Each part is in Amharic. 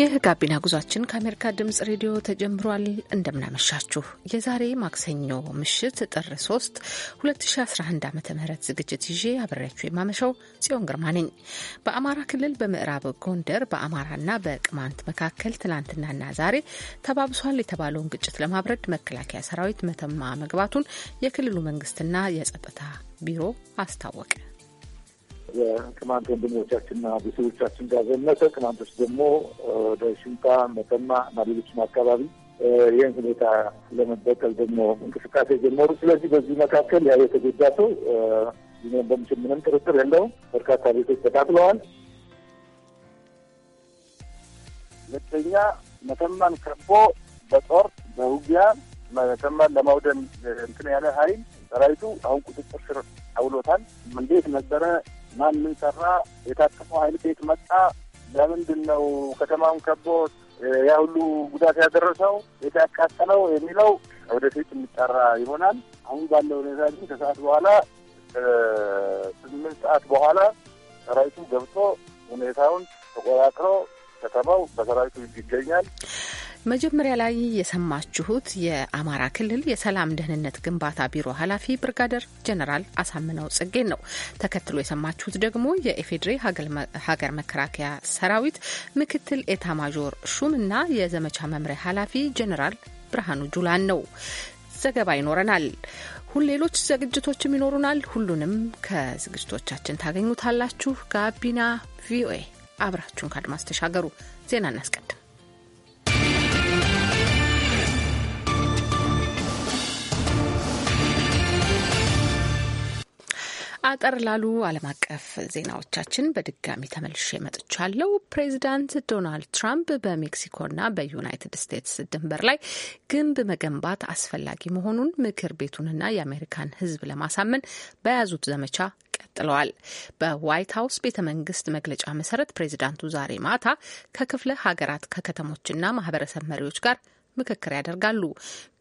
ይህ ጋቢና ጉዟችን ከአሜሪካ ድምጽ ሬዲዮ ተጀምሯል። እንደምናመሻችሁ የዛሬ ማክሰኞ ምሽት ጥር 3 2011 ዓ ም ዝግጅት ይዤ አብሬያችሁ የማመሻው ጽዮን ግርማ ነኝ። በአማራ ክልል በምዕራብ ጎንደር በአማራና በቅማንት መካከል ትናንትናና ዛሬ ተባብሷል የተባለውን ግጭት ለማብረድ መከላከያ ሰራዊት መተማ መግባቱን የክልሉ መንግስትና የጸጥታ ቢሮ አስታወቀ። የቅማንት ወንድሞቻችንና ቤተሰቦቻችን ጋር ዘመተ። ቅማንቶች ደግሞ ወደ ሽንካ፣ መተማ እና ሌሎችም አካባቢ ይህን ሁኔታ ለመበቀል ደግሞ እንቅስቃሴ ጀመሩ። ስለዚህ በዚህ መካከል ያ የተጎዳ ሰው ሊኖር በምችል ምንም ጥርጥር የለውም። በርካታ ቤቶች ተቃጥለዋል። ሁለተኛ መተማን ከቦ በጦር በውጊያ መተማን ለማውደም እንትን ያለ ኃይል ሰራዊቱ አሁን ቁጥጥር ስር አውሎታል። እንዴት ነበረ ማን ምን ሰራ? የታጠቀው ኃይል ቤት መጣ? ለምንድን ነው ከተማውን ከቦ ያ ሁሉ ጉዳት ያደረሰው ቤት ያቃጠለው የሚለው ወደፊት የሚጠራ ይሆናል። አሁን ባለው ሁኔታ ግን ከሰዓት በኋላ ስምንት ሰዓት በኋላ ሰራዊቱ ገብቶ ሁኔታውን ተቆጣጥሮ ከተማው በሰራዊቱ ይገኛል። መጀመሪያ ላይ የሰማችሁት የአማራ ክልል የሰላም ደህንነት ግንባታ ቢሮ ኃላፊ ብርጋደር ጀነራል አሳምነው ጽጌን ነው። ተከትሎ የሰማችሁት ደግሞ የኢፌዴሪ ሀገር መከላከያ ሰራዊት ምክትል ኤታ ማዦር ሹም እና የዘመቻ መምሪያ ኃላፊ ጀነራል ብርሃኑ ጁላን ነው። ዘገባ ይኖረናል። ሁን ሌሎች ዝግጅቶችም ይኖሩናል። ሁሉንም ከዝግጅቶቻችን ታገኙታላችሁ። ጋቢና ቪኦኤ አብራችሁን ከአድማስ ተሻገሩ። ዜና እናስቀድም። አጠር ላሉ ዓለም አቀፍ ዜናዎቻችን በድጋሚ ተመልሼ መጥቻለሁ። ፕሬዚዳንት ዶናልድ ትራምፕ በሜክሲኮና በዩናይትድ ስቴትስ ድንበር ላይ ግንብ መገንባት አስፈላጊ መሆኑን ምክር ቤቱንና የአሜሪካን ሕዝብ ለማሳመን በያዙት ዘመቻ ቀጥለዋል። በዋይት ሀውስ ቤተ መንግስት መግለጫ መሰረት ፕሬዚዳንቱ ዛሬ ማታ ከክፍለ ሀገራት ከከተሞችና ማህበረሰብ መሪዎች ጋር ምክክር ያደርጋሉ።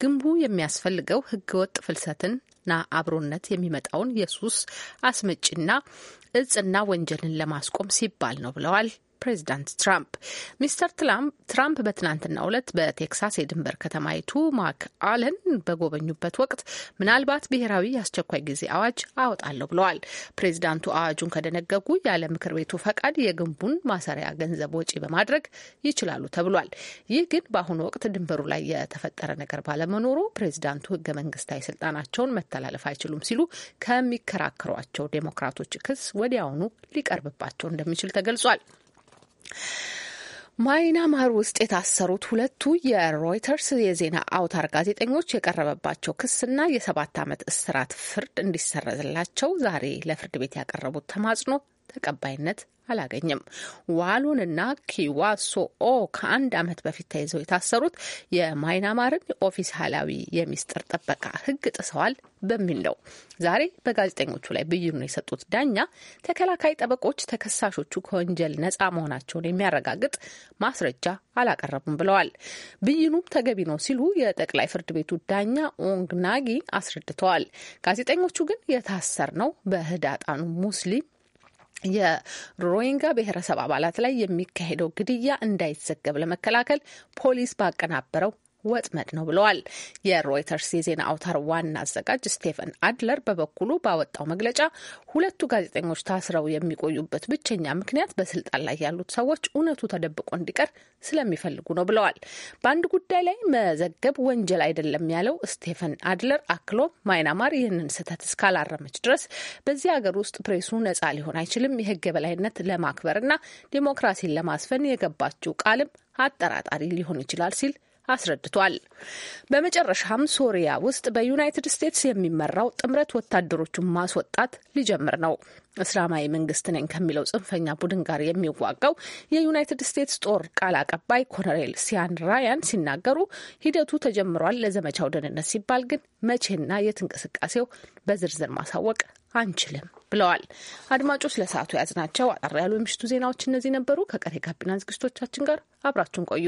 ግንቡ የሚያስፈልገው ህገወጥ ፍልሰትን ና አብሮነት የሚመጣውን የሱስ አስመጪና እጽና ወንጀልን ለማስቆም ሲባል ነው ብለዋል። ፕሬዚዳንት ትራምፕ። ሚስተር ትራምፕ በትናንትናው ዕለት በቴክሳስ የድንበር ከተማይቱ ማክ አለን በጎበኙበት ወቅት ምናልባት ብሔራዊ የአስቸኳይ ጊዜ አዋጅ አወጣለሁ ብለዋል። ፕሬዚዳንቱ አዋጁን ከደነገጉ ያለ ምክር ቤቱ ፈቃድ የግንቡን ማሰሪያ ገንዘብ ወጪ በማድረግ ይችላሉ ተብሏል። ይህ ግን በአሁኑ ወቅት ድንበሩ ላይ የተፈጠረ ነገር ባለመኖሩ ፕሬዚዳንቱ ህገ መንግስታዊ ስልጣናቸውን መተላለፍ አይችሉም ሲሉ ከሚከራከሯቸው ዴሞክራቶች ክስ ወዲያውኑ ሊቀርብባቸው እንደሚችል ተገልጿል። ማይናማር ውስጥ የታሰሩት ሁለቱ የሮይተርስ የዜና አውታር ጋዜጠኞች የቀረበባቸው ክስና የሰባት ዓመት እስራት ፍርድ እንዲሰረዝላቸው ዛሬ ለፍርድ ቤት ያቀረቡት ተማጽኖ ተቀባይነት አላገኘም። ዋሎንና ኪዋሶኦ ከአንድ ዓመት በፊት ተይዘው የታሰሩት የማይናማርን ኦፊሳላዊ የሚስጥር ጥበቃ ሕግ ጥሰዋል በሚል ነው። ዛሬ በጋዜጠኞቹ ላይ ብይኑን የሰጡት ዳኛ ተከላካይ ጠበቆች ተከሳሾቹ ከወንጀል ነጻ መሆናቸውን የሚያረጋግጥ ማስረጃ አላቀረቡም ብለዋል። ብይኑም ተገቢ ነው ሲሉ የጠቅላይ ፍርድ ቤቱ ዳኛ ኦንግ ናጊ አስረድተዋል። ጋዜጠኞቹ ግን የታሰር ነው በህዳጣኑ ሙስሊም የሮሂንጋ ብሔረሰብ አባላት ላይ የሚካሄደው ግድያ እንዳይዘገብ ለመከላከል ፖሊስ ባቀናበረው ወጥመድ ነው ብለዋል። የሮይተርስ የዜና አውታር ዋና አዘጋጅ ስቴፈን አድለር በበኩሉ ባወጣው መግለጫ ሁለቱ ጋዜጠኞች ታስረው የሚቆዩበት ብቸኛ ምክንያት በስልጣን ላይ ያሉት ሰዎች እውነቱ ተደብቆ እንዲቀር ስለሚፈልጉ ነው ብለዋል። በአንድ ጉዳይ ላይ መዘገብ ወንጀል አይደለም ያለው ስቴፈን አድለር አክሎ ማይናማር ይህንን ስህተት እስካላረመች ድረስ በዚህ ሀገር ውስጥ ፕሬሱ ነጻ ሊሆን አይችልም። የህግ የበላይነት ለማክበርና ዲሞክራሲን ለማስፈን የገባችው ቃልም አጠራጣሪ ሊሆን ይችላል ሲል አስረድቷል። በመጨረሻም ሶሪያ ውስጥ በዩናይትድ ስቴትስ የሚመራው ጥምረት ወታደሮቹን ማስወጣት ሊጀምር ነው። እስላማዊ መንግስት ነኝ ከሚለው ጽንፈኛ ቡድን ጋር የሚዋጋው የዩናይትድ ስቴትስ ጦር ቃል አቀባይ ኮሎኔል ሲያን ራያን ሲናገሩ ሂደቱ ተጀምሯል፣ ለዘመቻው ደህንነት ሲባል ግን መቼና የት እንቅስቃሴው በዝርዝር ማሳወቅ አንችልም ብለዋል። አድማጮች ለሰዓቱ የያዝናቸው አጠር ያሉ የምሽቱ ዜናዎች እነዚህ ነበሩ። ከቀሪ ጋቢና ዝግጅቶቻችን ጋር አብራችሁን ቆዩ።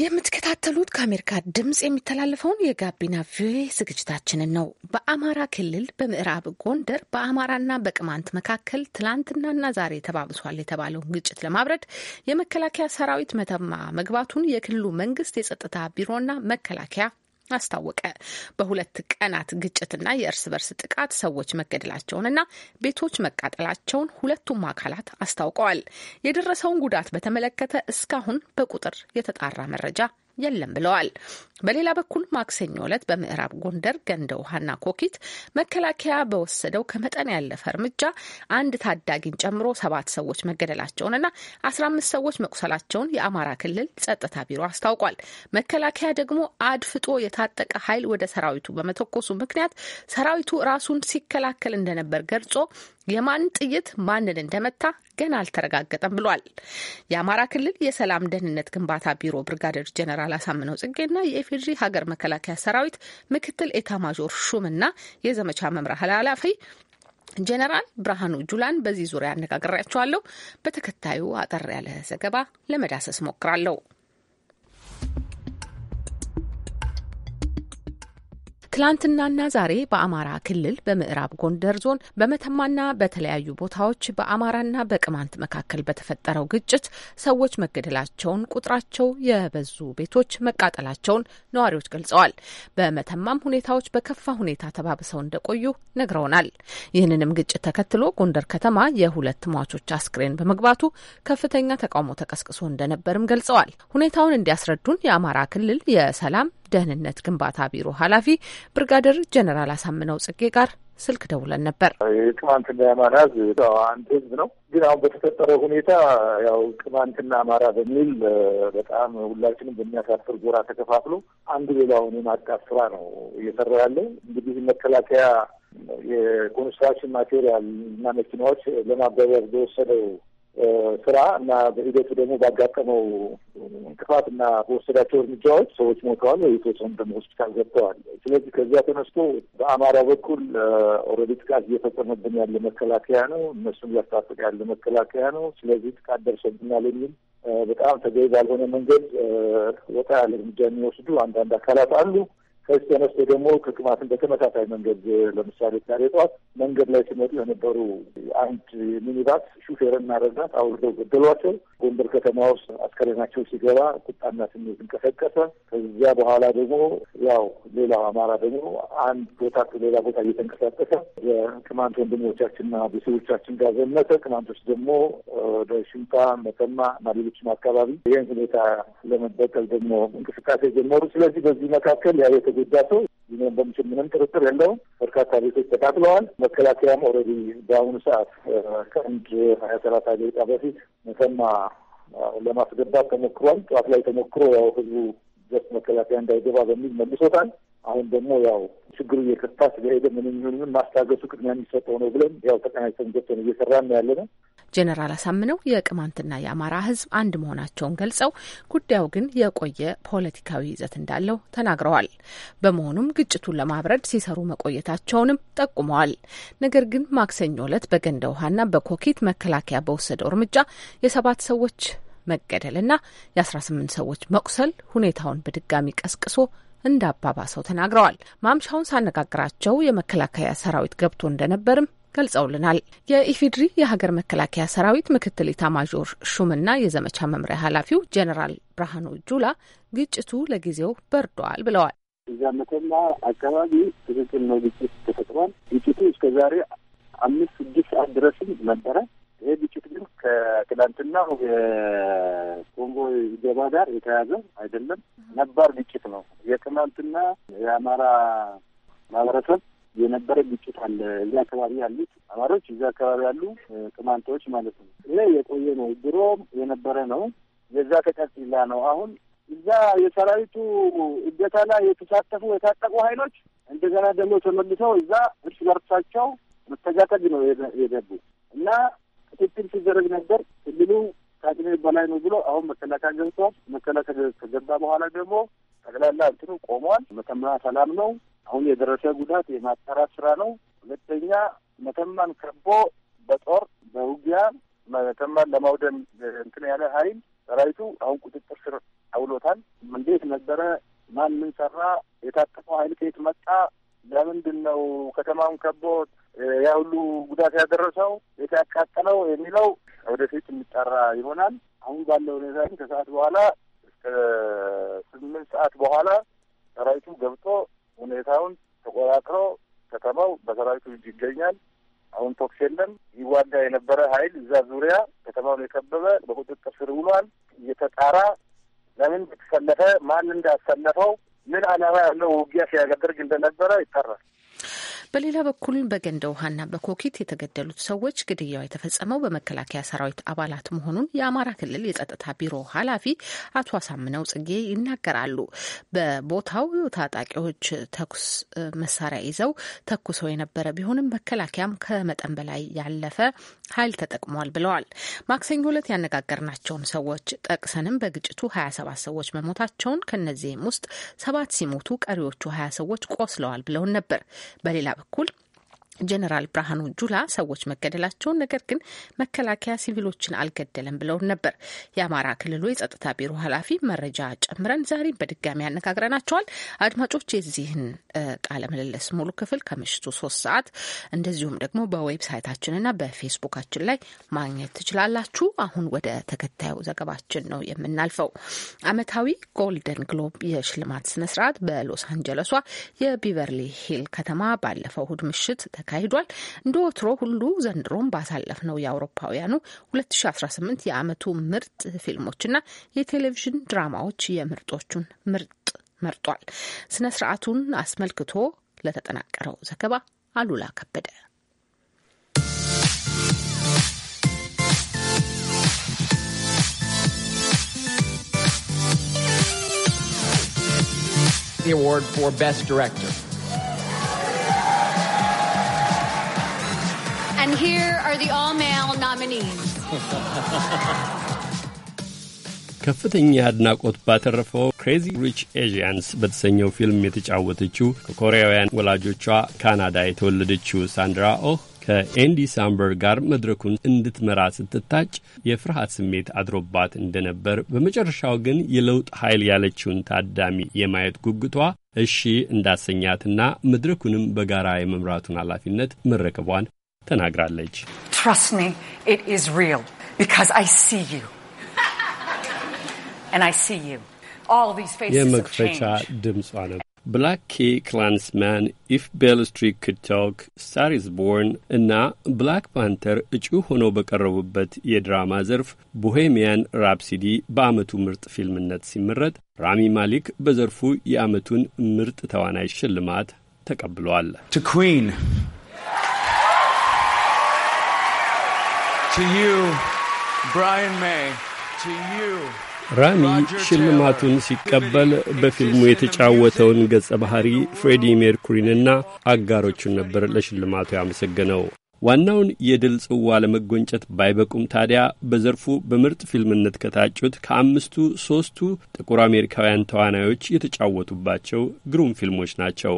የምትከታተሉት ከአሜሪካ ድምፅ የሚተላለፈውን የጋቢና ቪኦኤ ዝግጅታችንን ነው። በአማራ ክልል በምዕራብ ጎንደር በአማራና በቅማንት መካከል ትላንትናና ዛሬ ተባብሷል የተባለውን ግጭት ለማብረድ የመከላከያ ሰራዊት መተማ መግባቱን የክልሉ መንግስት የጸጥታ ቢሮና መከላከያ አስታወቀ። በሁለት ቀናት ግጭትና የእርስ በርስ ጥቃት ሰዎች መገደላቸውንና ቤቶች መቃጠላቸውን ሁለቱም አካላት አስታውቀዋል። የደረሰውን ጉዳት በተመለከተ እስካሁን በቁጥር የተጣራ መረጃ የለም ብለዋል። በሌላ በኩል ማክሰኞ ዕለት በምዕራብ ጎንደር ገንደ ውሃና ኮኪት መከላከያ በወሰደው ከመጠን ያለፈ እርምጃ አንድ ታዳጊን ጨምሮ ሰባት ሰዎች መገደላቸውንና አስራ አምስት ሰዎች መቁሰላቸውን የአማራ ክልል ጸጥታ ቢሮ አስታውቋል። መከላከያ ደግሞ አድፍጦ የታጠቀ ኃይል ወደ ሰራዊቱ በመተኮሱ ምክንያት ሰራዊቱ ራሱን ሲከላከል እንደነበር ገልጾ የማን ጥይት ማንን እንደመታ ገና አልተረጋገጠም ብሏል። የአማራ ክልል የሰላም ደህንነት ግንባታ ቢሮ ብርጋዴር ጀነራል አሳምነው ጽጌና የኢፌዴሪ ሀገር መከላከያ ሰራዊት ምክትል ኤታ ሹም ሹምና የዘመቻ መምሪያ ኃላፊ ጀነራል ብርሃኑ ጁላን በዚህ ዙሪያ አነጋግሬያቸዋለሁ። በተከታዩ አጠር ያለ ዘገባ ለመዳሰስ ሞክራለሁ። ትላንትናና ዛሬ በአማራ ክልል በምዕራብ ጎንደር ዞን በመተማና በተለያዩ ቦታዎች በአማራና በቅማንት መካከል በተፈጠረው ግጭት ሰዎች መገደላቸውን፣ ቁጥራቸው የበዙ ቤቶች መቃጠላቸውን ነዋሪዎች ገልጸዋል። በመተማም ሁኔታዎች በከፋ ሁኔታ ተባብሰው እንደቆዩ ነግረውናል። ይህንንም ግጭት ተከትሎ ጎንደር ከተማ የሁለት ሟቾች አስክሬን በመግባቱ ከፍተኛ ተቃውሞ ተቀስቅሶ እንደነበርም ገልጸዋል። ሁኔታውን እንዲያስረዱን የአማራ ክልል የሰላም ደህንነት ግንባታ ቢሮ ኃላፊ ብርጋደር ጀነራል አሳምነው ጽጌ ጋር ስልክ ደውለን ነበር። የቅማንትና አማራ ሕዝብ አንድ ህዝብ ነው። ግን አሁን በተፈጠረው ሁኔታ ያው ቅማንትና አማራ በሚል በጣም ሁላችንም በሚያሳፍር ጎራ ተከፋፍሎ አንዱ ሌላውን የማጥቃት ስራ ነው እየሰራ ያለው። እንግዲህ መከላከያ የኮንስትራክሽን ማቴሪያል እና መኪናዎች ለማጓጓዝ በወሰደው ስራ እና በሂደቱ ደግሞ ባጋጠመው እንቅፋት እና በወሰዳቸው እርምጃዎች ሰዎች ሞተዋል ወይ የተወሰኑ ደግሞ ሆስፒታል ገብተዋል። ስለዚህ ከዚያ ተነስቶ በአማራ በኩል ኦልሬዲ ጥቃት እየፈጸመብን ያለ መከላከያ ነው፣ እነሱም እያስታጠቀ ያለ መከላከያ ነው። ስለዚህ ጥቃት ደርሰብናል የሚል በጣም ተገቢ ባልሆነ መንገድ ወጣ ያለ እርምጃ የሚወስዱ አንዳንድ አካላት አሉ። ከዚህ ተነስቶ ደግሞ ክትባትን በተመሳሳይ መንገድ ለምሳሌ ዛሬ ጠዋት መንገድ ላይ ሲመጡ የነበሩ አንድ ሚኒባስ ሹፌርና ረዳት አውርደው ገደሏቸው። ጎንደር ከተማ ውስጥ አስከሬናቸው ሲገባ ቁጣና ስሜት እንቀሰቀሰ። ከዚያ በኋላ ደግሞ ያው ሌላው አማራ ደግሞ አንድ ቦታ ሌላ ቦታ እየተንቀሳቀሰ የቅማንት ወንድሞቻችንና ቤተሰቦቻችን ጋር ዘመተ። ቅማንቶች ደግሞ ወደ ሽምጣ፣ መተማ እና ሌሎችም አካባቢ ይህን ሁኔታ ለመበቀል ደግሞ እንቅስቃሴ ጀመሩ። ስለዚህ በዚህ መካከል ያ የተጎዳ ሰው ሊኖር ምንም ጥርጥር የለውም። በርካታ ቤቶች ተቃጥለዋል። መከላከያም ኦልሬዲ በአሁኑ ሰዓት ከአንድ ሀያ ሰላሳ ደቂቃ በፊት መተማ ለማስገባት ተሞክሯል። ጠዋት ላይ ተሞክሮ ያው ህዝቡ ደስ መከላከያ እንዳይገባ በሚል መልሶታል። አሁን ደግሞ ያው ችግሩ እየከፋ ስለሄደ ምንም ይሁን ምን ማስታገሱ ቅድሚያ የሚሰጠው ነው ብለን ያው ተቀናጅተን ገብተን ነው ያለ ነው። ጀኔራል አሳምነው የቅማንትና የአማራ ሕዝብ አንድ መሆናቸውን ገልጸው ጉዳዩ ግን የቆየ ፖለቲካዊ ይዘት እንዳለው ተናግረዋል። በመሆኑም ግጭቱን ለማብረድ ሲሰሩ መቆየታቸውንም ጠቁመዋል። ነገር ግን ማክሰኞ ለት በገንደ ውሃና በኮኬት መከላከያ በወሰደው እርምጃ የሰባት ሰዎች መገደልና የአስራ ስምንት ሰዎች መቁሰል ሁኔታውን በድጋሚ ቀስቅሶ እንዳባባሰው ተናግረዋል። ማምሻውን ሳነጋግራቸው የመከላከያ ሰራዊት ገብቶ እንደነበርም ገልጸውልናል። የኢፌድሪ የሀገር መከላከያ ሰራዊት ምክትል ኢታማዦር ሹምና የዘመቻ መምሪያ ኃላፊው ጀኔራል ብርሃኑ ጁላ ግጭቱ ለጊዜው በርዷል ብለዋል። እዛ መተማ አካባቢ ትክክል ነው፣ ግጭት ተፈጥሯል። ግጭቱ እስከዛሬ አምስት ስድስት ሰዓት ድረስም ነበረ። ይሄ ግጭት ግን ከትላንትናው የኮንጎ ገባ ጋር የተያዘ አይደለም፣ ነባር ግጭት ነው። የትላንትና የአማራ ማህበረሰብ የነበረ ግጭት አለ። እዚ አካባቢ ያሉት አማሮች፣ እዚ አካባቢ ያሉ ቅማንቶች ማለት ነው። ይሄ የቆየ ነው፣ ድሮም የነበረ ነው። የዛ ተቀጽላ ነው። አሁን እዛ የሰራዊቱ እገታ ላይ የተሳተፉ የታጠቁ ኃይሎች እንደገና ደግሞ ተመልሰው እዛ እርስ በርሳቸው መተጋተግ ነው የገቡ እና ክትትል ሲደረግ ነበር። ክልሉ ከአቅሜ በላይ ነው ብሎ አሁን መከላከያ ገብቷል። መከላከያ ከገባ በኋላ ደግሞ ጠቅላላ እንትኑ ቆሟል። መተማ ሰላም ነው። አሁን የደረሰ ጉዳት የማጣራት ስራ ነው። ሁለተኛ መተማን ከቦ በጦር በውጊያ መተማን ለማውደም እንትን ያለ ኃይል ሰራዊቱ አሁን ቁጥጥር ስር አውሎታል። እንዴት ነበረ? ማን ምን ሰራ? የታጠፈው ኃይል ከየት መጣ? ለምንድን ነው ከተማውን ከቦ ያ ሁሉ ጉዳት ያደረሰው ቤት ያቃጠለው የሚለው ወደፊት የሚጠራ ይሆናል። አሁን ባለው ሁኔታ ግን ከሰዓት በኋላ እስከ ስምንት ሰዓት በኋላ ሰራዊቱ ገብቶ ሁኔታውን ተቆጣጥሮ ከተማው በሰራዊቱ እጅ ይገኛል። አሁን ቶክስ የለም። ይዋጋ የነበረ ኃይል እዛ ዙሪያ ከተማውን የከበበ በቁጥጥር ስር ውሏል። እየተጣራ ለምን እንደተሰለፈ ማን እንዳሰለፈው ምን ዓላማ ያለው ውጊያ ሲያደርግ እንደነበረ ይጠራል። በሌላ በኩል በገንደ ውሃና በኮኪት የተገደሉት ሰዎች ግድያው የተፈጸመው በመከላከያ ሰራዊት አባላት መሆኑን የአማራ ክልል የጸጥታ ቢሮ ኃላፊ አቶ አሳምነው ጽጌ ይናገራሉ። በቦታው ታጣቂዎች ተኩስ መሳሪያ ይዘው ተኩሰው የነበረ ቢሆንም መከላከያም ከመጠን በላይ ያለፈ ኃይል ተጠቅሟል ብለዋል። ማክሰኞ ዕለት ያነጋገርናቸውን ሰዎች ጠቅሰንም በግጭቱ 27 ሰዎች መሞታቸውን ከነዚህም ውስጥ ሰባት ሲሞቱ ቀሪዎቹ 20 ሰዎች ቆስለዋል ብለውን ነበር። በሌላ cool. ጀነራል ብርሃኑ ጁላ ሰዎች መገደላቸውን ነገር ግን መከላከያ ሲቪሎችን አልገደለም ብለውን ነበር። የአማራ ክልሉ የጸጥታ ቢሮ ኃላፊ መረጃ ጨምረን ዛሬ በድጋሚ ያነጋግረናቸዋል። አድማጮች የዚህን ቃለ ምልልስ ሙሉ ክፍል ከምሽቱ ሶስት ሰዓት እንደዚሁም ደግሞ በዌብሳይታችንና በፌስቡካችን ላይ ማግኘት ትችላላችሁ። አሁን ወደ ተከታዩ ዘገባችን ነው የምናልፈው። አመታዊ ጎልደን ግሎብ የሽልማት ስነስርዓት በሎስ አንጀለሷ የቢቨርሊ ሂል ከተማ ባለፈው እሁድ ምሽት ተካሂዷል። እንደ ወትሮ ሁሉ ዘንድሮም ባሳለፍነው የአውሮፓውያኑ 2018 የዓመቱ ምርጥ ፊልሞችና የቴሌቪዥን ድራማዎች የምርጦቹን ምርጥ መርጧል። ስነ ስርዓቱን አስመልክቶ ለተጠናቀረው ዘገባ አሉላ ከበደ The award for Best Director. Here are the all-male nominees. ከፍተኛ አድናቆት ባተረፈው ክሬዚ ሪች ኤዥያንስ በተሰኘው ፊልም የተጫወተችው ከኮሪያውያን ወላጆቿ ካናዳ የተወለደችው ሳንድራ ኦህ ከኤንዲ ሳምበር ጋር መድረኩን እንድትመራ ስትታጭ የፍርሃት ስሜት አድሮባት እንደነበር፣ በመጨረሻው ግን የለውጥ ኃይል ያለችውን ታዳሚ የማየት ጉጉቷ እሺ እንዳሰኛትና መድረኩንም በጋራ የመምራቱን ኃላፊነት መረከቧን ተናግራለች። የመክፈቻ ድምጿ ነው። ብላክ ኪ ክላንስማን፣ ኢፍ ቤል ስትሪት ክድ ቶክ፣ ቦርን እና ብላክ ፓንተር እጩ ሆነው በቀረቡበት የድራማ ዘርፍ ቦሄሚያን ራፕሲዲ በዓመቱ ምርጥ ፊልምነት ሲመረጥ፣ ራሚ ማሊክ በዘርፉ የዓመቱን ምርጥ ተዋናይ ሽልማት ተቀብሏል። ራሚ ሽልማቱን ሲቀበል በፊልሙ የተጫወተውን ገጸ ባህሪ ፍሬዲ ሜርኩሪንና አጋሮቹን ነበር ለሽልማቱ ያመሰገነው። ዋናውን የድል ጽዋ ለመጎንጨት ባይበቁም ታዲያ በዘርፉ በምርጥ ፊልምነት ከታጩት ከአምስቱ ሦስቱ ጥቁር አሜሪካውያን ተዋናዮች የተጫወቱባቸው ግሩም ፊልሞች ናቸው።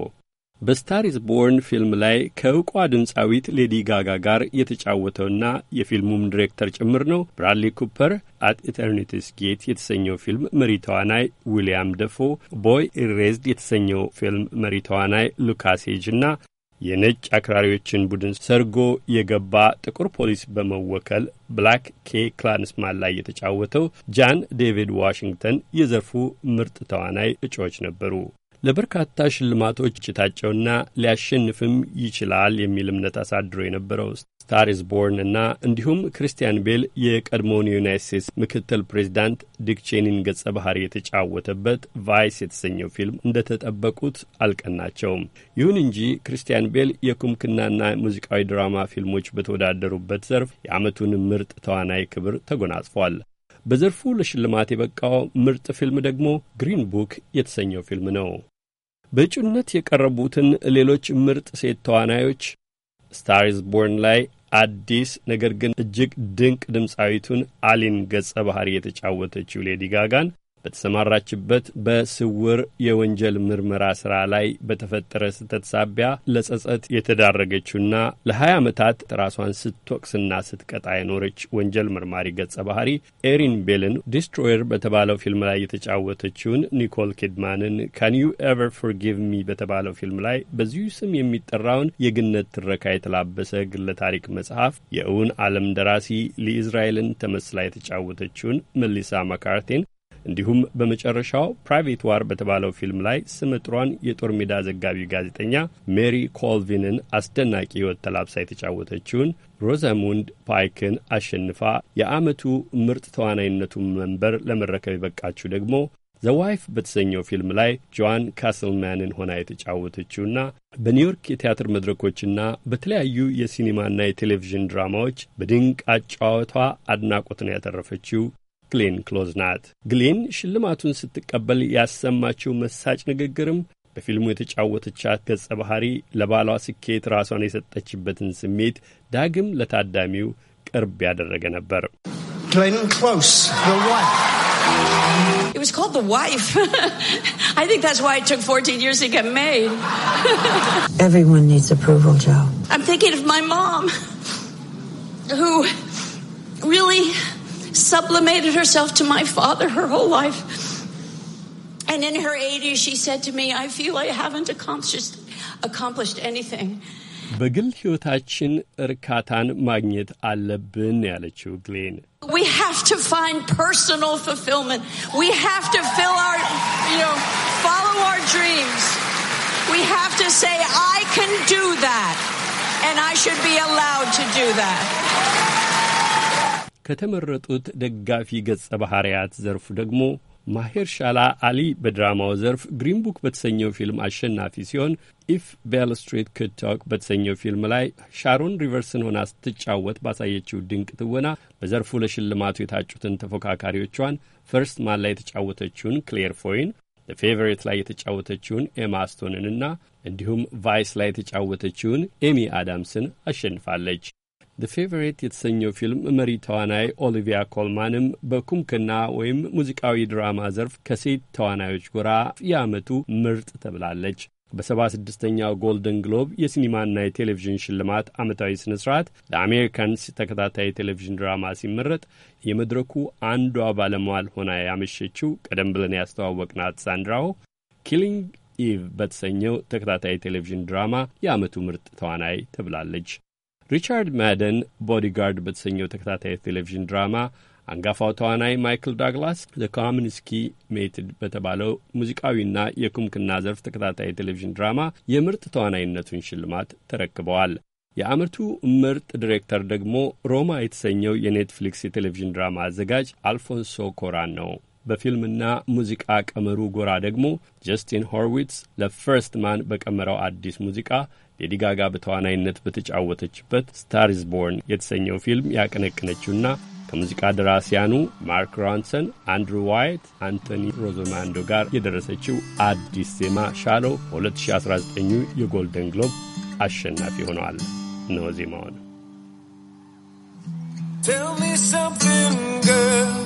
በስታር ኢዝ ቦርን ፊልም ላይ ከእውቋ ድምፃዊት ሌዲ ጋጋ ጋር የተጫወተውና የፊልሙም ዲሬክተር ጭምር ነው ብራድሊ ኩፐር አት ኢተርኒቲስ ጌት የተሰኘው ፊልም መሪ ተዋናይ ዊልያም ደፎ፣ ቦይ ኢሬዝድ የተሰኘው ፊልም መሪ ተዋናይ ሄጅ እና የነጭ አክራሪዎችን ቡድን ሰርጎ የገባ ጥቁር ፖሊስ በመወከል ብላክ ኬ ክላንስማን ላይ የተጫወተው ጃን ዴቪድ ዋሽንግተን የዘርፉ ምርጥ ተዋናይ እጩዎች ነበሩ። ለበርካታ ሽልማቶች የታጨውና ሊያሸንፍም ይችላል የሚል እምነት አሳድሮ የነበረው ስታሪስ ቦርን እና እንዲሁም ክርስቲያን ቤል የቀድሞውን የዩናይት ስቴትስ ምክትል ፕሬዚዳንት ዲክቼኒን ገጸ ባህሪ የተጫወተበት ቫይስ የተሰኘው ፊልም እንደተጠበቁት አልቀናቸውም። ይሁን እንጂ ክርስቲያን ቤል የኩምክናና ሙዚቃዊ ድራማ ፊልሞች በተወዳደሩበት ዘርፍ የዓመቱን ምርጥ ተዋናይ ክብር ተጎናጽፏል። በዘርፉ ለሽልማት የበቃው ምርጥ ፊልም ደግሞ ግሪን ቡክ የተሰኘው ፊልም ነው። በእጩነት የቀረቡትን ሌሎች ምርጥ ሴት ተዋናዮች ስታርስ ቦርን ላይ አዲስ ነገር ግን እጅግ ድንቅ ድምፃዊቱን አሊን ገጸ ባህሪ የተጫወተችው ሌዲ ጋጋን በተሰማራችበት በስውር የወንጀል ምርመራ ሥራ ላይ በተፈጠረ ስህተት ሳቢያ ለጸጸት የተዳረገችውና ለ ዓመታት ራሷን ስትወቅስና ስትቀጣ የኖረች ወንጀል መርማሪ ገጸ ባህሪ ኤሪን ቤልን ዲስትሮየር በተባለው ፊልም ላይ የተጫወተችውን ኒኮል ኪድማንን ካን ዩ ኤቨር ፎርጊቭ ሚ በተባለው ፊልም ላይ በዚሁ ስም የሚጠራውን የግነት ትረካ የተላበሰ ግለ ታሪክ መጽሐፍ የእውን ዓለም ደራሲ ሊእዝራኤልን ተመስላ የተጫወተችውን መሊሳ መካርቴን እንዲሁም በመጨረሻው ፕራይቬት ዋር በተባለው ፊልም ላይ ስምጥሯን የጦር ሜዳ ዘጋቢ ጋዜጠኛ ሜሪ ኮልቪንን አስደናቂ ሕይወት ተላብሳ የተጫወተችውን ሮዘሙንድ ፓይክን አሸንፋ የዓመቱ ምርጥ ተዋናይነቱን መንበር ለመረከብ የበቃችው ደግሞ ዘዋይፍ በተሰኘው ፊልም ላይ ጆዋን ካስልማንን ሆና የተጫወተችውና በኒውዮርክ የቲያትር መድረኮችና በተለያዩ የሲኒማና የቴሌቪዥን ድራማዎች በድንቅ አጫዋቷ አድናቆትን ያተረፈችው ግሌን ክሎዝ ናት። ግሌን ሽልማቱን ስትቀበል ያሰማችው መሳጭ ንግግርም በፊልሙ የተጫወተቻት ገጸ ባህሪ ለባሏ ስኬት ራሷን የሰጠችበትን ስሜት ዳግም ለታዳሚው ቅርብ ያደረገ ነበር። sublimated herself to my father her whole life. And in her 80s, she said to me, I feel I haven't accomplished, accomplished anything. በግል ሕይወታችን እርካታን ማግኘት አለብን ያለችው ግሌን We have to find personal fulfillment. We have to fill our, you know, follow our dreams. We have to say, I can do that, and I should be allowed to do that. ከተመረጡት ደጋፊ ገጸ ባሕርያት ዘርፍ ደግሞ ማሄር ሻላ አሊ በድራማው ዘርፍ ግሪንቡክ በተሰኘው ፊልም አሸናፊ ሲሆን ኢፍ ቤል ስትሪት ክድ በተሰኘው ፊልም ላይ ሻሮን ሪቨርስን ሆና ስትጫወት ባሳየችው ድንቅ ትወና በዘርፉ ለሽልማቱ የታጩትን ተፎካካሪዎቿን ፈርስት ማን ላይ የተጫወተችውን ክሌር ፎይን፣ ፌቨሬት ላይ የተጫወተችውን ኤማ እንዲሁም ቫይስ ላይ የተጫወተችውን ኤሚ አዳምስን አሸንፋለች። ዘ ፌቨሬት የተሰኘው ፊልም መሪ ተዋናይ ኦሊቪያ ኮልማንም በኩምክና ወይም ሙዚቃዊ ድራማ ዘርፍ ከሴት ተዋናዮች ጎራ የዓመቱ ምርጥ ተብላለች። በሰባ ስድስተኛው ጎልደን ግሎብ የሲኒማና የቴሌቪዥን ሽልማት ዓመታዊ ስነ ስርዓት ለአሜሪካንስ ተከታታይ የቴሌቪዥን ድራማ ሲመረጥ የመድረኩ አንዷ ባለሟል ሆና ያመሸችው ቀደም ብለን ያስተዋወቅናት ሳንድራው ኪሊንግ ኢቭ በተሰኘው ተከታታይ የቴሌቪዥን ድራማ የዓመቱ ምርጥ ተዋናይ ተብላለች። ሪቻርድ ማደን ቦዲጋርድ በተሰኘው ተከታታይ ቴሌቪዥን ድራማ አንጋፋው ተዋናይ ማይክል ዳግላስ ዘካሚንስኪ ሜትድ በተባለው ሙዚቃዊና የኩምክና ዘርፍ ተከታታይ ቴሌቪዥን ድራማ የምርጥ ተዋናይነቱን ሽልማት ተረክበዋል። የዓመቱ ምርጥ ዲሬክተር ደግሞ ሮማ የተሰኘው የኔትፍሊክስ የቴሌቪዥን ድራማ አዘጋጅ አልፎንሶ ኮራን ነው። በፊልምና ሙዚቃ ቀመሩ ጎራ ደግሞ ጀስቲን ሆርዊትስ ለፈርስት ማን በቀመረው አዲስ ሙዚቃ ሌዲ ጋጋ በተዋናይነት በተጫወተችበት ስታርዝ ቦርን የተሰኘው ፊልም ያቀነቀነችውና ከሙዚቃ ደራሲያኑ ማርክ ሮንሰን፣ አንድሩ ዋይት፣ አንቶኒ ሮዞማንዶ ጋር የደረሰችው አዲስ ዜማ ሻሎ 2019 2019 የጎልደን ግሎብ አሸናፊ ሆነዋል። እነሆ ዜማውን Tell me something, girl.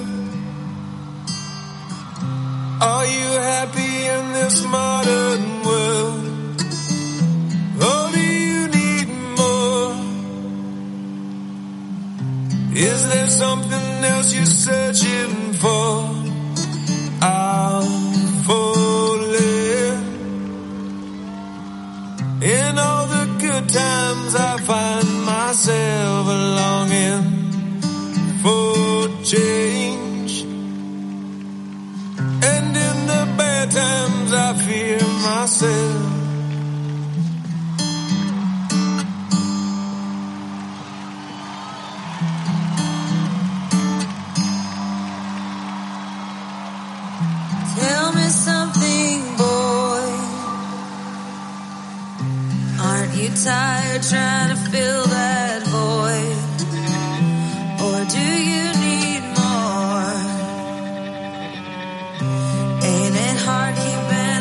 Are you happy in this moment? something else you said.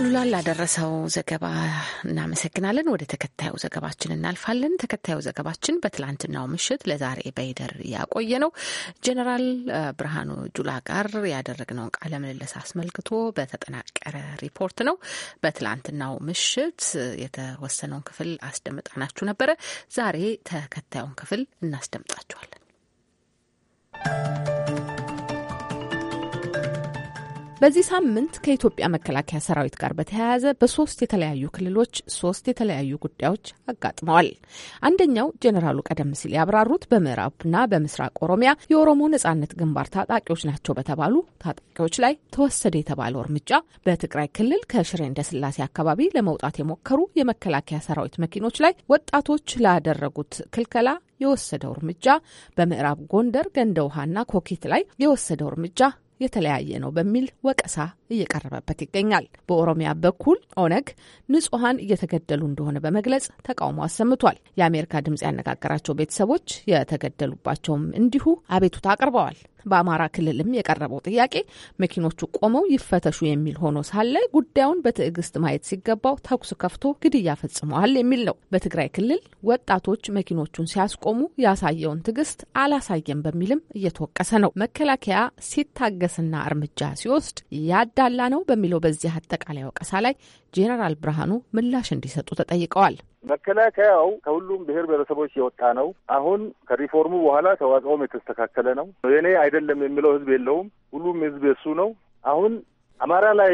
አሉላ ላደረሰው ዘገባ እናመሰግናለን። ወደ ተከታዩ ዘገባችን እናልፋለን። ተከታዩ ዘገባችን በትላንትናው ምሽት ለዛሬ በይደር ያቆየ ነው። ጀኔራል ብርሃኑ ጁላ ጋር ያደረግነውን ቃለ ምልልስ አስመልክቶ በተጠናቀረ ሪፖርት ነው። በትላንትናው ምሽት የተወሰነውን ክፍል አስደምጣናችሁ ነበረ። ዛሬ ተከታዩን ክፍል እናስደምጣችኋለን። በዚህ ሳምንት ከኢትዮጵያ መከላከያ ሰራዊት ጋር በተያያዘ በሶስት የተለያዩ ክልሎች ሶስት የተለያዩ ጉዳዮች አጋጥመዋል። አንደኛው ጀኔራሉ ቀደም ሲል ያብራሩት በምዕራብና በምስራቅ ኦሮሚያ የኦሮሞ ነጻነት ግንባር ታጣቂዎች ናቸው በተባሉ ታጣቂዎች ላይ ተወሰደ የተባለው እርምጃ፣ በትግራይ ክልል ከሽሬ እንደ ስላሴ አካባቢ ለመውጣት የሞከሩ የመከላከያ ሰራዊት መኪኖች ላይ ወጣቶች ላደረጉት ክልከላ የወሰደው እርምጃ፣ በምዕራብ ጎንደር ገንደ ውሃና ኮኬት ላይ የወሰደው እርምጃ የተለያየ ነው በሚል ወቀሳ እየቀረበበት ይገኛል። በኦሮሚያ በኩል ኦነግ ንጹሐን እየተገደሉ እንደሆነ በመግለጽ ተቃውሞ አሰምቷል። የአሜሪካ ድምጽ ያነጋገራቸው ቤተሰቦች የተገደሉባቸውም እንዲሁ አቤቱታ አቅርበዋል። በአማራ ክልልም የቀረበው ጥያቄ መኪኖቹ ቆመው ይፈተሹ የሚል ሆኖ ሳለ ጉዳዩን በትዕግስት ማየት ሲገባው ተኩስ ከፍቶ ግድያ ፈጽመዋል የሚል ነው። በትግራይ ክልል ወጣቶች መኪኖቹን ሲያስቆሙ ያሳየውን ትዕግስት አላሳየም በሚልም እየተወቀሰ ነው። መከላከያ ሲታገስና እርምጃ ሲወስድ ያዳ ዳላ ነው በሚለው በዚህ አጠቃላይ ወቀሳ ላይ ጄኔራል ብርሃኑ ምላሽ እንዲሰጡ ተጠይቀዋል። መከላከያው ከሁሉም ብሔር ብሔረሰቦች የወጣ ነው። አሁን ከሪፎርሙ በኋላ ተዋጽኦም የተስተካከለ ነው። የኔ አይደለም የሚለው ህዝብ የለውም። ሁሉም ህዝብ የሱ ነው። አሁን አማራ ላይ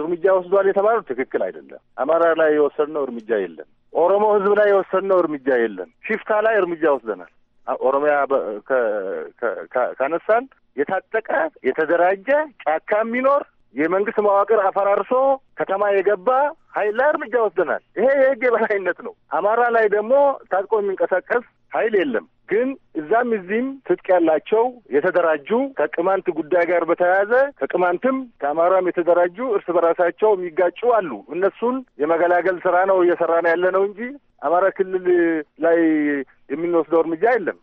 እርምጃ ወስዷል የተባለው ትክክል አይደለም። አማራ ላይ የወሰድነው እርምጃ የለም። ኦሮሞ ህዝብ ላይ የወሰድነው እርምጃ የለም። ሽፍታ ላይ እርምጃ ወስደናል። ኦሮሚያ ካነሳን የታጠቀ የተደራጀ ጫካ የሚኖር የመንግስት መዋቅር አፈራርሶ ከተማ የገባ ኃይል ላይ እርምጃ ወስደናል። ይሄ የህግ የበላይነት ነው። አማራ ላይ ደግሞ ታጥቆ የሚንቀሳቀስ ኃይል የለም። ግን እዛም እዚህም ትጥቅ ያላቸው የተደራጁ ከቅማንት ጉዳይ ጋር በተያያዘ ከቅማንትም ከአማራም የተደራጁ እርስ በራሳቸው የሚጋጩ አሉ። እነሱን የመገላገል ስራ ነው እየሰራ ነው ያለ ነው እንጂ አማራ ክልል ላይ የምንወስደው እርምጃ የለም።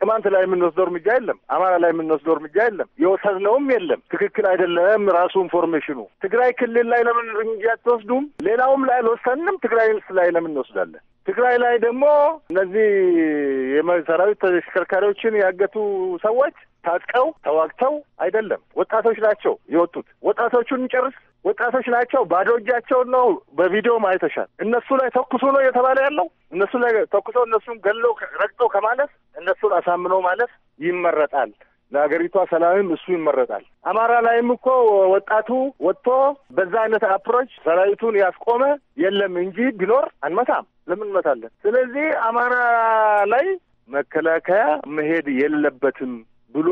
ቅማንት ላይ የምንወስደው እርምጃ የለም። አማራ ላይ የምንወስደው እርምጃ የለም። የወሰድነውም የለም። ትክክል አይደለም። ራሱ ኢንፎርሜሽኑ ትግራይ ክልል ላይ ለምን እርምጃ አትወስዱም? ሌላውም ላይ አልወሰንም። ትግራይ ላይ ለምን እንወስዳለን? ትግራይ ላይ ደግሞ እነዚህ የሰራዊት ተሽከርካሪዎችን ያገቱ ሰዎች ታጥቀው ተዋግተው አይደለም፣ ወጣቶች ናቸው የወጡት። ወጣቶቹን ጨርስ ወጣቶች ናቸው። ባዶ እጃቸውን ነው። በቪዲዮ ማየተሻል እነሱ ላይ ተኩሶ ነው እየተባለ ያለው። እነሱ ላይ ተኩሶ እነሱን ገሎ ረግጦ ከማለፍ እነሱን አሳምኖ ማለፍ ይመረጣል። ለሀገሪቷ ሰላምም እሱ ይመረጣል። አማራ ላይም እኮ ወጣቱ ወጥቶ በዛ አይነት አፕሮች ሰራዊቱን ያስቆመ የለም እንጂ ቢኖር አንመታም። ለምን እንመታለን? ስለዚህ አማራ ላይ መከላከያ መሄድ የለበትም ብሎ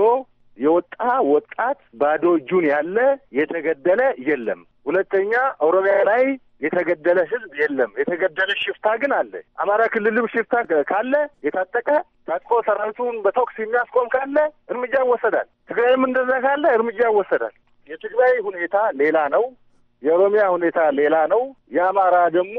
የወጣ ወጣት ባዶ እጁን ያለ የተገደለ የለም። ሁለተኛ ኦሮሚያ ላይ የተገደለ ህዝብ የለም። የተገደለ ሽፍታ ግን አለ። አማራ ክልልም ሽፍታ ካለ የታጠቀ ታጥቆ ሰራዊቱን በተኩስ የሚያስቆም ካለ እርምጃ ይወሰዳል። ትግራይም እንደዛ ካለ እርምጃ ይወሰዳል። የትግራይ ሁኔታ ሌላ ነው። የኦሮሚያ ሁኔታ ሌላ ነው። የአማራ ደግሞ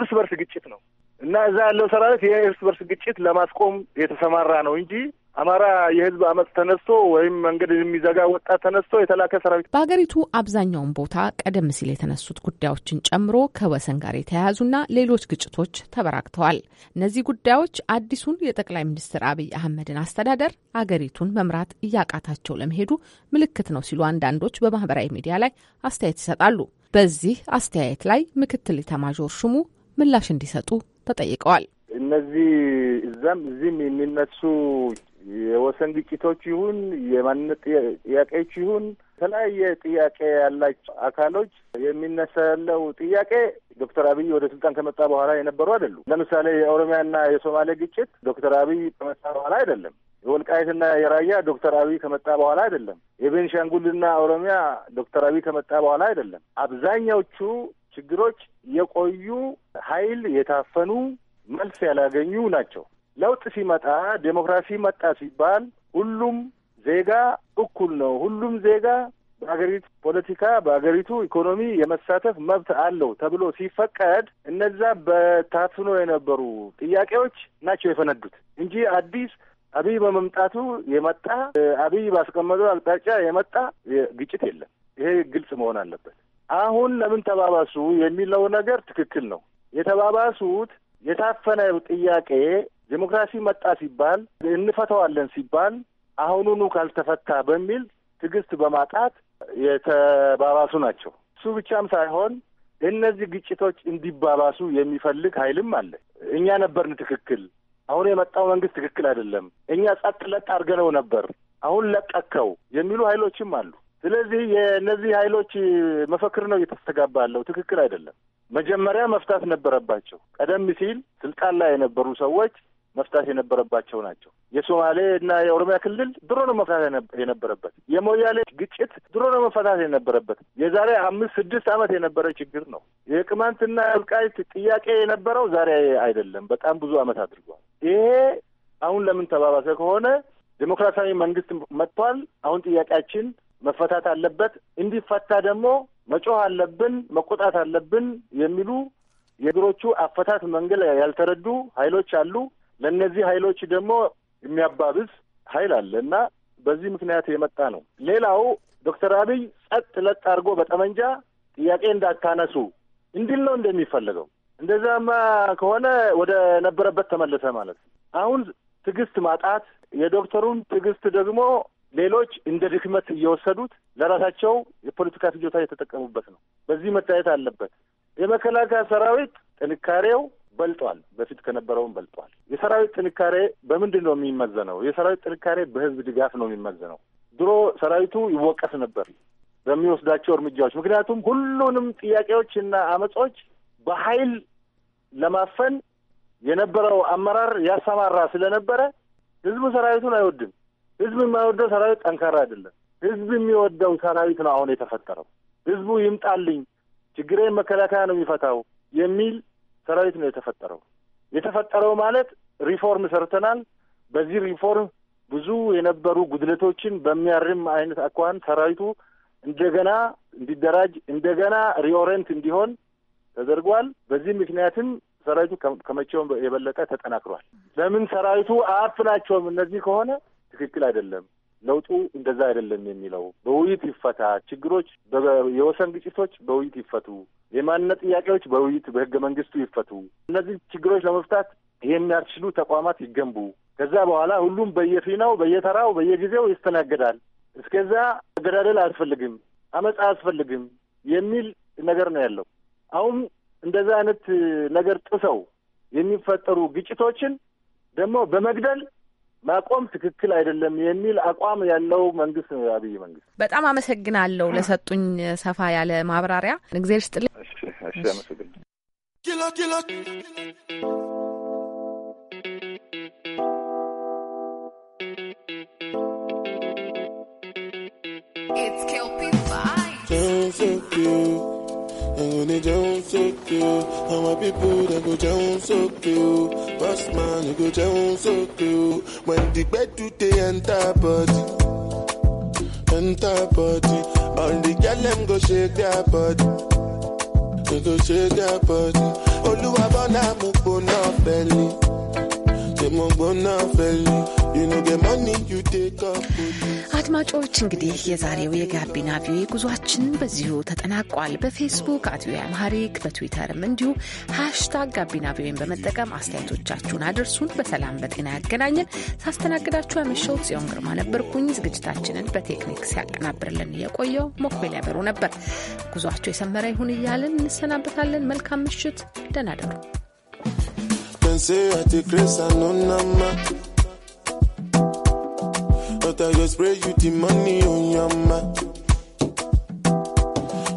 እርስ በርስ ግጭት ነው እና እዛ ያለው ሰራዊት የእርስ በርስ ግጭት ለማስቆም የተሰማራ ነው እንጂ አማራ የህዝብ አመፅ ተነስቶ ወይም መንገድ የሚዘጋ ወጣት ተነስቶ የተላከ ሰራዊት በሀገሪቱ አብዛኛውን ቦታ ቀደም ሲል የተነሱት ጉዳዮችን ጨምሮ ከወሰን ጋር የተያያዙና ሌሎች ግጭቶች ተበራክተዋል። እነዚህ ጉዳዮች አዲሱን የጠቅላይ ሚኒስትር አብይ አህመድን አስተዳደር አገሪቱን መምራት እያቃታቸው ለመሄዱ ምልክት ነው ሲሉ አንዳንዶች በማህበራዊ ሚዲያ ላይ አስተያየት ይሰጣሉ። በዚህ አስተያየት ላይ ምክትል ኢታማዦር ሹሙ ምላሽ እንዲሰጡ ተጠይቀዋል። እነዚህ እዛም እዚህም የሚነሱ የወሰን ግጭቶች ይሁን የማንነት ጥያቄዎች ይሁን የተለያየ ጥያቄ ያላቸው አካሎች የሚነሳለው ጥያቄ ዶክተር አብይ ወደ ስልጣን ከመጣ በኋላ የነበሩ አይደሉ። ለምሳሌ የኦሮሚያና የሶማሌ ግጭት ዶክተር አብይ ከመጣ በኋላ አይደለም። የወልቃየትና የራያ ዶክተር አብይ ከመጣ በኋላ አይደለም። የቤንሻንጉልና ኦሮሚያ ዶክተር አብይ ከመጣ በኋላ አይደለም። አብዛኛዎቹ ችግሮች የቆዩ ኃይል የታፈኑ መልስ ያላገኙ ናቸው። ለውጥ ሲመጣ ዴሞክራሲ መጣ ሲባል ሁሉም ዜጋ እኩል ነው። ሁሉም ዜጋ በሀገሪቱ ፖለቲካ በሀገሪቱ ኢኮኖሚ የመሳተፍ መብት አለው ተብሎ ሲፈቀድ እነዛ በታፍኖ የነበሩ ጥያቄዎች ናቸው የፈነዱት እንጂ አዲስ አብይ በመምጣቱ የመጣ አብይ ባስቀመጠው አቅጣጫ የመጣ ግጭት የለም። ይሄ ግልጽ መሆን አለበት። አሁን ለምን ተባባሱ የሚለው ነገር ትክክል ነው። የተባባሱት የታፈነ ጥያቄ ዴሞክራሲ መጣ ሲባል እንፈተዋለን ሲባል አሁኑኑ ካልተፈታ በሚል ትዕግስት በማጣት የተባባሱ ናቸው። እሱ ብቻም ሳይሆን እነዚህ ግጭቶች እንዲባባሱ የሚፈልግ ኃይልም አለ። እኛ ነበርን ትክክል፣ አሁን የመጣው መንግስት ትክክል አይደለም፣ እኛ ጸጥ ለጥ አድርገነው ነበር፣ አሁን ለቀከው የሚሉ ኃይሎችም አሉ። ስለዚህ የእነዚህ ኃይሎች መፈክር ነው እየተስተጋባ ያለው፣ ትክክል አይደለም። መጀመሪያ መፍታት ነበረባቸው። ቀደም ሲል ስልጣን ላይ የነበሩ ሰዎች መፍታት የነበረባቸው ናቸው። የሶማሌ እና የኦሮሚያ ክልል ድሮ ነው መፍታት የነበረበት። የሞያሌ ግጭት ድሮ ነው መፈታት የነበረበት። የዛሬ አምስት ስድስት ዓመት የነበረ ችግር ነው። የቅማንትና ወልቃይት ጥያቄ የነበረው ዛሬ አይደለም፣ በጣም ብዙ ዓመት አድርጓል። ይሄ አሁን ለምን ተባባሰ ከሆነ ዴሞክራሲያዊ መንግስት መጥቷል። አሁን ጥያቄያችን መፈታት አለበት። እንዲፈታ ደግሞ መጮህ አለብን፣ መቆጣት አለብን የሚሉ የእግሮቹ አፈታት መንገድ ያልተረዱ ኃይሎች አሉ። ለእነዚህ ኃይሎች ደግሞ የሚያባብስ ኃይል አለ እና በዚህ ምክንያት የመጣ ነው። ሌላው ዶክተር አብይ ጸጥ ለጥ አድርጎ በጠመንጃ ጥያቄ እንዳታነሱ እንዲል ነው እንደሚፈለገው። እንደዛማ ከሆነ ወደ ነበረበት ተመለሰ ማለት ነው። አሁን ትዕግስት ማጣት የዶክተሩን ትዕግስት ደግሞ ሌሎች እንደ ድክመት እየወሰዱት ለራሳቸው የፖለቲካ ፍጆታ እየተጠቀሙበት ነው። በዚህ መታየት አለበት። የመከላከያ ሰራዊት ጥንካሬው በልጧል። በፊት ከነበረውም በልጧል። የሰራዊት ጥንካሬ በምንድን ነው የሚመዘነው? የሰራዊት ጥንካሬ በህዝብ ድጋፍ ነው የሚመዘነው። ድሮ ሰራዊቱ ይወቀስ ነበር በሚወስዳቸው እርምጃዎች። ምክንያቱም ሁሉንም ጥያቄዎች እና አመጾች በኃይል ለማፈን የነበረው አመራር ያሰማራ ስለነበረ ህዝቡ ሰራዊቱን አይወድም። ህዝብ የማይወደው ሰራዊት ጠንካራ አይደለም። ህዝብ የሚወደው ሰራዊት ነው አሁን የተፈጠረው። ህዝቡ ይምጣልኝ ችግሬን መከላከያ ነው የሚፈታው የሚል ሰራዊት ነው የተፈጠረው። የተፈጠረው ማለት ሪፎርም ሰርተናል። በዚህ ሪፎርም ብዙ የነበሩ ጉድለቶችን በሚያርም አይነት አኳን ሰራዊቱ እንደገና እንዲደራጅ እንደገና ሪኦሬንት እንዲሆን ተደርጓል። በዚህ ምክንያትም ሰራዊቱ ከመቼውም የበለጠ ተጠናክሯል። ለምን ሰራዊቱ አያፍናቸውም? እነዚህ ከሆነ ትክክል አይደለም። ለውጡ እንደዛ አይደለም የሚለው በውይይት ይፈታ፣ ችግሮች የወሰን ግጭቶች በውይይት ይፈቱ የማንነት ጥያቄዎች በውይይት በህገ መንግስቱ ይፈቱ። እነዚህ ችግሮች ለመፍታት የሚያስችሉ ተቋማት ይገንቡ። ከዛ በኋላ ሁሉም በየፊናው በየተራው በየጊዜው ይስተናገዳል። እስከዛ መገዳደል አያስፈልግም፣ አመፃ አያስፈልግም የሚል ነገር ነው ያለው። አሁን እንደዛ አይነት ነገር ጥሰው የሚፈጠሩ ግጭቶችን ደግሞ በመግደል ማቆም ትክክል አይደለም የሚል አቋም ያለው መንግስት ነው የአብይ መንግስት። በጣም አመሰግናለሁ ለሰጡኝ ሰፋ ያለ ማብራሪያ። እግዜር Hashem Sugin. Killer, killer. It's Kill And when they don't you, how people that go down suck you. Boss man, they go down suck you. When the bed do they enter body, All the girls them go shake their body to go shake that body. Oluwa bona mo gbona feli. Ṣé mo gbona belly. አድማጮች እንግዲህ የዛሬው የጋቢና ቪኦኤ ጉዟችን በዚሁ ተጠናቋል። በፌስቡክ አት ቪኦኤ አምሃሪክ በትዊተርም እንዲሁ ሃሽታግ ጋቢና ቪን በመጠቀም አስተያየቶቻችሁን አድርሱን። በሰላም በጤና ያገናኘን። ሳስተናግዳችሁ ያመሸው ጽዮን ግርማ ነበርኩኝ። ዝግጅታችንን በቴክኒክ ሲያቀናብርልን የቆየው ሞክቤል ያበሩ ነበር። ጉዟቸው የሰመረ ይሁን እያልን እንሰናበታለን። መልካም ምሽት፣ ደህና ደሩ። But I just pray you the money on your mind.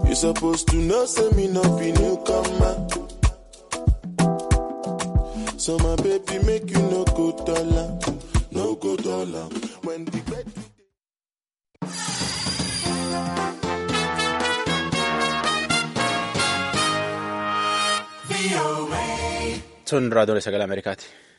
You supposed to know, say me not be newcomer. So my baby make you no go dollar, no go dollar. When the bed. Tun raadiolle sageli Ameerikaati